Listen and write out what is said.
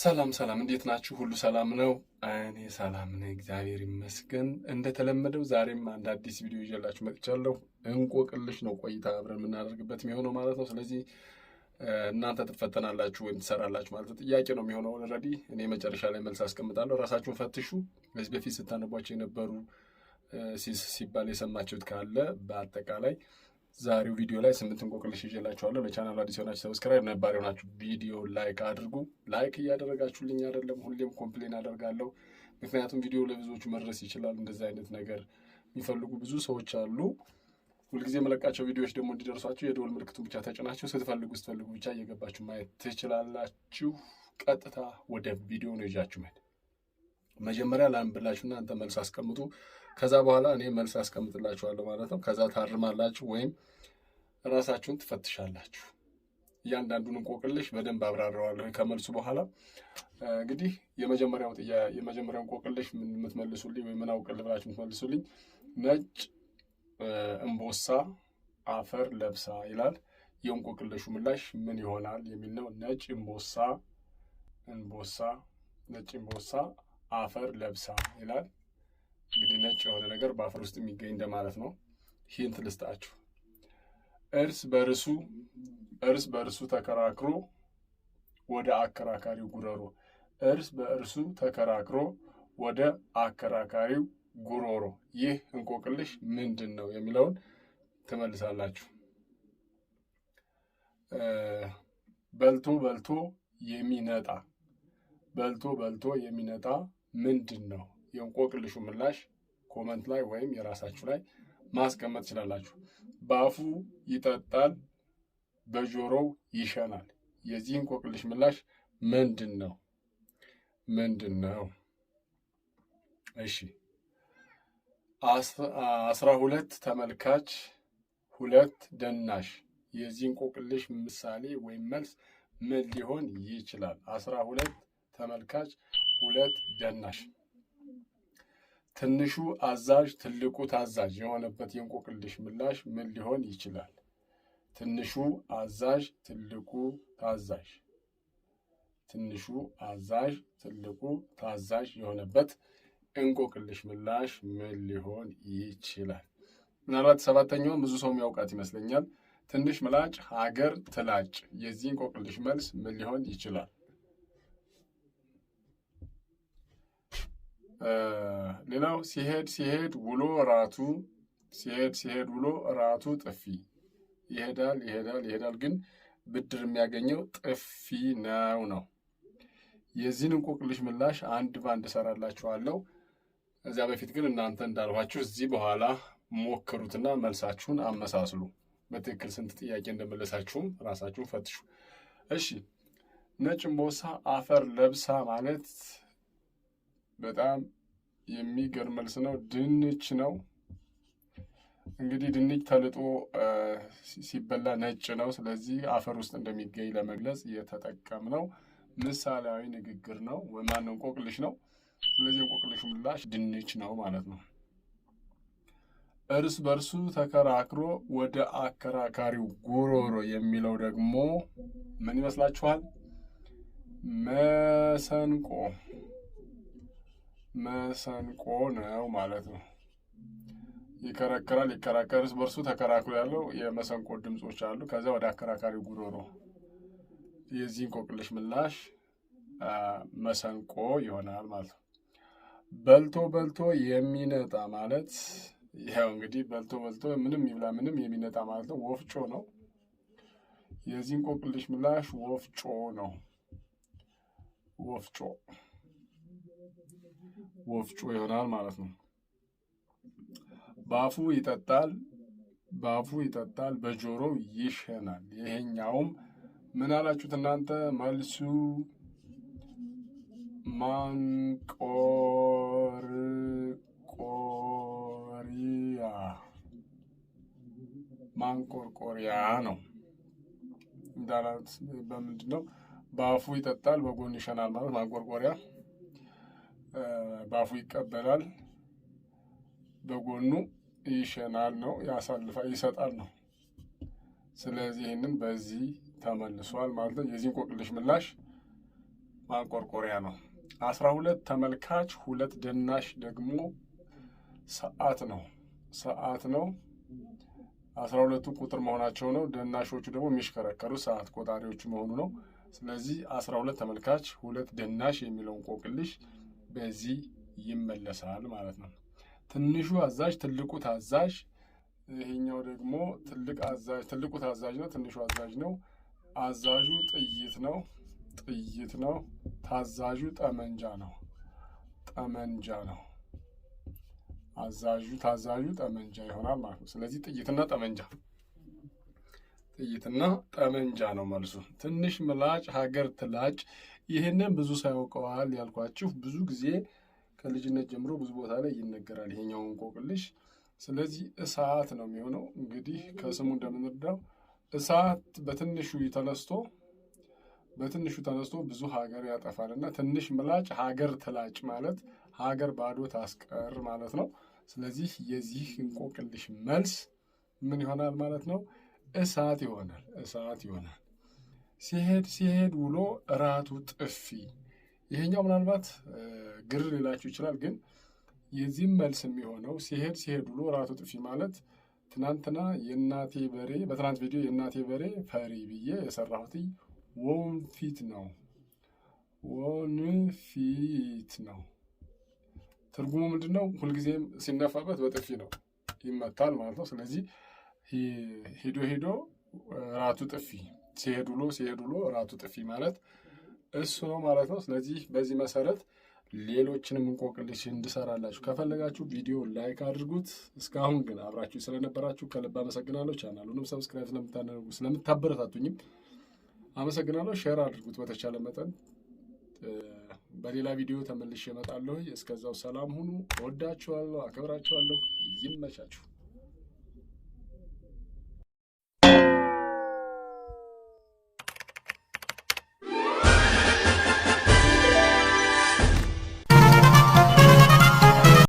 ሰላም ሰላም፣ እንዴት ናችሁ? ሁሉ ሰላም ነው? እኔ ሰላም ነኝ፣ እግዚአብሔር ይመስገን። እንደተለመደው ዛሬም አንድ አዲስ ቪዲዮ ይዤላችሁ መጥቻለሁ። እንቆቅልሽ ነው ቆይታ አብረን የምናደርግበት የሚሆነው ማለት ነው። ስለዚህ እናንተ ትፈተናላችሁ ወይም ትሰራላችሁ ማለት ነው። ጥያቄ ነው የሚሆነው። ኦልሬዲ እኔ መጨረሻ ላይ መልስ አስቀምጣለሁ። ራሳችሁን ፈትሹ። ከዚህ በፊት ስታነቧቸው የነበሩ ሲባል የሰማችሁት ካለ በአጠቃላይ ዛሬው ቪዲዮ ላይ ስምንት እንቆቅልሽ ይዤላችኋለሁ። ለቻናሉ አዲስ የሆናችሁ ሰብስክራይብ፣ ነባር የሆናችሁ ቪዲዮ ላይክ አድርጉ። ላይክ እያደረጋችሁልኝ አይደለም፣ ሁሌም ኮምፕሌን አደርጋለሁ። ምክንያቱም ቪዲዮ ለብዙዎቹ መድረስ ይችላል። እንደዚህ አይነት ነገር የሚፈልጉ ብዙ ሰዎች አሉ። ሁልጊዜ መለቃቸው ቪዲዮዎች ደግሞ እንዲደርሷችሁ የደወል ምልክቱን ብቻ ተጭናችሁ ስትፈልጉ ስትፈልጉ ብቻ እየገባችሁ ማየት ትችላላችሁ። ቀጥታ ወደ ቪዲዮ ነው ይዣችሁ መሄድ መጀመሪያ ላንብላችሁ እናንተ መልስ አስቀምጡ። ከዛ በኋላ እኔ መልስ አስቀምጥላችኋለሁ ማለት ነው። ከዛ ታርማላችሁ ወይም ራሳችሁን ትፈትሻላችሁ። እያንዳንዱን እንቆቅልሽ በደንብ አብራረዋለሁ ከመልሱ በኋላ። እንግዲህ የመጀመሪያው የመጀመሪያው እንቆቅልሽ የምትመልሱልኝ ወይም ምን አውቅል ብላችሁ የምትመልሱልኝ ነጭ እምቦሳ አፈር ለብሳ ይላል። የእንቆቅልሹ ምላሽ ምን ይሆናል የሚል ነው። ነጭ እምቦሳ እምቦሳ ነጭ እምቦሳ አፈር ለብሳ ይላል። እንግዲህ ነጭ የሆነ ነገር በአፈር ውስጥ የሚገኝ እንደማለት ነው። ሂንት ልስጣችሁ። እርስ በርሱ እርስ በእርሱ ተከራክሮ ወደ አከራካሪው ጉረሮ እርስ በእርሱ ተከራክሮ ወደ አከራካሪው ጉሮሮ። ይህ እንቆቅልሽ ምንድን ነው የሚለውን ትመልሳላችሁ። በልቶ በልቶ የሚነጣ በልቶ በልቶ የሚነጣ ምንድን ነው የእንቆቅልሹ ምላሽ ኮመንት ላይ ወይም የራሳችሁ ላይ ማስቀመጥ ትችላላችሁ። በአፉ ይጠጣል በጆሮው ይሸናል። የዚህ እንቆቅልሽ ምላሽ ምንድን ነው? ምንድን ነው? እሺ አስራ ሁለት ተመልካች ሁለት ደናሽ። የዚህ እንቆቅልሽ ምሳሌ ወይም መልስ ምን ሊሆን ይችላል? አስራ ሁለት ተመልካች ሁለት ደናሽ ትንሹ አዛዥ ትልቁ ታዛዥ የሆነበት የእንቆቅልሽ ምላሽ ምን ሊሆን ይችላል? ትንሹ አዛዥ ትልቁ ታዛዥ ትንሹ አዛዥ ትልቁ ታዛዥ የሆነበት እንቆቅልሽ ምላሽ ምን ሊሆን ይችላል? ምናልባት ሰባተኛውን ብዙ ሰው የሚያውቃት ይመስለኛል። ትንሽ ምላጭ ሀገር ትላጭ። የዚህ እንቆቅልሽ መልስ ምን ሊሆን ይችላል? ሌላው ሲሄድ ሲሄድ ውሎ ራቱ ሲሄድ ሲሄድ ውሎ ራቱ ጥፊ ይሄዳል ይሄዳል ይሄዳል፣ ግን ብድር የሚያገኘው ጥፊ ነው ነው። የዚህን እንቆቅልሽ ምላሽ አንድ ባንድ እሰራላችኋለሁ። እዚያ በፊት ግን እናንተ እንዳልኋችሁ እዚህ በኋላ ሞክሩትና መልሳችሁን አመሳስሉ። በትክክል ስንት ጥያቄ እንደመለሳችሁም ራሳችሁን ፈትሹ። እሺ ነጭ እምቦሳ አፈር ለብሳ ማለት በጣም የሚገርም መልስ ነው። ድንች ነው እንግዲህ ድንች ተልጦ ሲበላ ነጭ ነው። ስለዚህ አፈር ውስጥ እንደሚገኝ ለመግለጽ የተጠቀምነው ምሳሌያዊ ንግግር ነው። ወማን እንቆቅልሽ ነው። ስለዚህ እንቆቅልሹ ምላሽ ድንች ነው ማለት ነው። እርስ በርሱ ተከራክሮ ወደ አከራካሪው ጉሮሮ የሚለው ደግሞ ምን ይመስላችኋል? መሰንቆ መሰንቆ ነው ማለት ነው። ይከረከራል። ይከራከርስ በእርሱ ተከራክሎ ያለው የመሰንቆ ድምፆች አሉ። ከዚያ ወደ አከራካሪው ጉሮሮ የዚህን እንቆቅልሽ ምላሽ መሰንቆ ይሆናል ማለት ነው። በልቶ በልቶ የሚነጣ ማለት ያው እንግዲህ በልቶ በልቶ ምንም ይብላ ምንም የሚነጣ ማለት ነው። ወፍጮ ነው። የዚህን እንቆቅልሽ ምላሽ ወፍጮ ነው። ወፍጮ ወፍጮ ይሆናል ማለት ነው። በአፉ ይጠጣል በአፉ ይጠጣል በጆሮው ይሸናል። ይሄኛውም ምን አላችሁት እናንተ? መልሱ ማንቆርቆሪያ ማንቆርቆሪያ ነው እንዳላት በምንድን ነው? በአፉ ይጠጣል በጎን ይሸናል ማለት ማንቆርቆሪያ ባፉ ይቀበላል፣ በጎኑ ይሸናል ነው ያሳልፋ ይሰጣል ነው። ስለዚህ ይህንን በዚህ ተመልሷል ማለት ነው። የዚህ እንቆቅልሽ ምላሽ ማንቆርቆሪያ ነው። አስራ ሁለት ተመልካች ሁለት ደናሽ ደግሞ ሰዓት ነው ሰዓት ነው። አስራ ሁለቱ ቁጥር መሆናቸው ነው። ደናሾቹ ደግሞ የሚሽከረከሩ ሰዓት ቆጣሪዎቹ መሆኑ ነው። ስለዚህ አስራ ሁለት ተመልካች ሁለት ደናሽ የሚለውን እንቆቅልሽ በዚህ ይመለሳል ማለት ነው። ትንሹ አዛዥ ትልቁ ታዛዥ፣ ይሄኛው ደግሞ ትልቅ አዛዥ ትልቁ ታዛዥ ነው። ትንሹ አዛዥ ነው። አዛዡ ጥይት ነው። ጥይት ነው። ታዛዡ ጠመንጃ ነው። ጠመንጃ ነው። አዛዡ ታዛዡ ጠመንጃ ይሆናል ማለት ነው። ስለዚህ ጥይትና ጠመንጃ ጥይትና ጠመንጃ ነው መልሱ። ትንሽ ምላጭ ሀገር ትላጭ ይህንን ብዙ ሳያውቀዋል ያልኳችሁ ብዙ ጊዜ ከልጅነት ጀምሮ ብዙ ቦታ ላይ ይነገራል ይሄኛው እንቆቅልሽ። ስለዚህ እሳት ነው የሚሆነው። እንግዲህ ከስሙ እንደምንረዳው እሳት በትንሹ ተነስቶ በትንሹ ተነስቶ ብዙ ሀገር ያጠፋል እና ትንሽ ምላጭ ሀገር ትላጭ ማለት ሀገር ባዶ ታስቀር ማለት ነው። ስለዚህ የዚህ እንቆቅልሽ መልስ ምን ይሆናል ማለት ነው? እሳት ይሆናል። እሳት ይሆናል። ሲሄድ ሲሄድ ውሎ እራቱ ጥፊ። ይሄኛው ምናልባት ግር ሊላችሁ ይችላል፣ ግን የዚህም መልስ የሚሆነው ሲሄድ ሲሄድ ውሎ እራቱ ጥፊ ማለት ትናንትና የእናቴ በሬ በትናንት ቪዲዮ የእናቴ በሬ ፈሪ ብዬ የሰራሁት ወንፊት ነው። ወንፊት ነው። ትርጉሙ ምንድን ነው? ሁልጊዜም ሲነፋበት በጥፊ ነው ይመታል ማለት ነው። ስለዚህ ሄዶ ሄዶ እራቱ ጥፊ ሲሄድ ውሎ ሲሄድ ውሎ ራቱ ጥፊ ማለት እሱ ነው ማለት ነው። ስለዚህ በዚህ መሰረት ሌሎችንም እንቆቅልሽ እንድሰራላችሁ ከፈለጋችሁ ቪዲዮ ላይክ አድርጉት። እስካሁን ግን አብራችሁ ስለነበራችሁ ከልብ አመሰግናለሁ። ቻናሉንም ሰብስክራይብ ስለምታደርጉ ስለምታበረታቱኝም አመሰግናለሁ። ሼር አድርጉት በተቻለ መጠን። በሌላ ቪዲዮ ተመልሼ እመጣለሁ። እስከዛው ሰላም ሁኑ። ወዳችኋለሁ፣ አከብራችኋለሁ። ይመቻችሁ።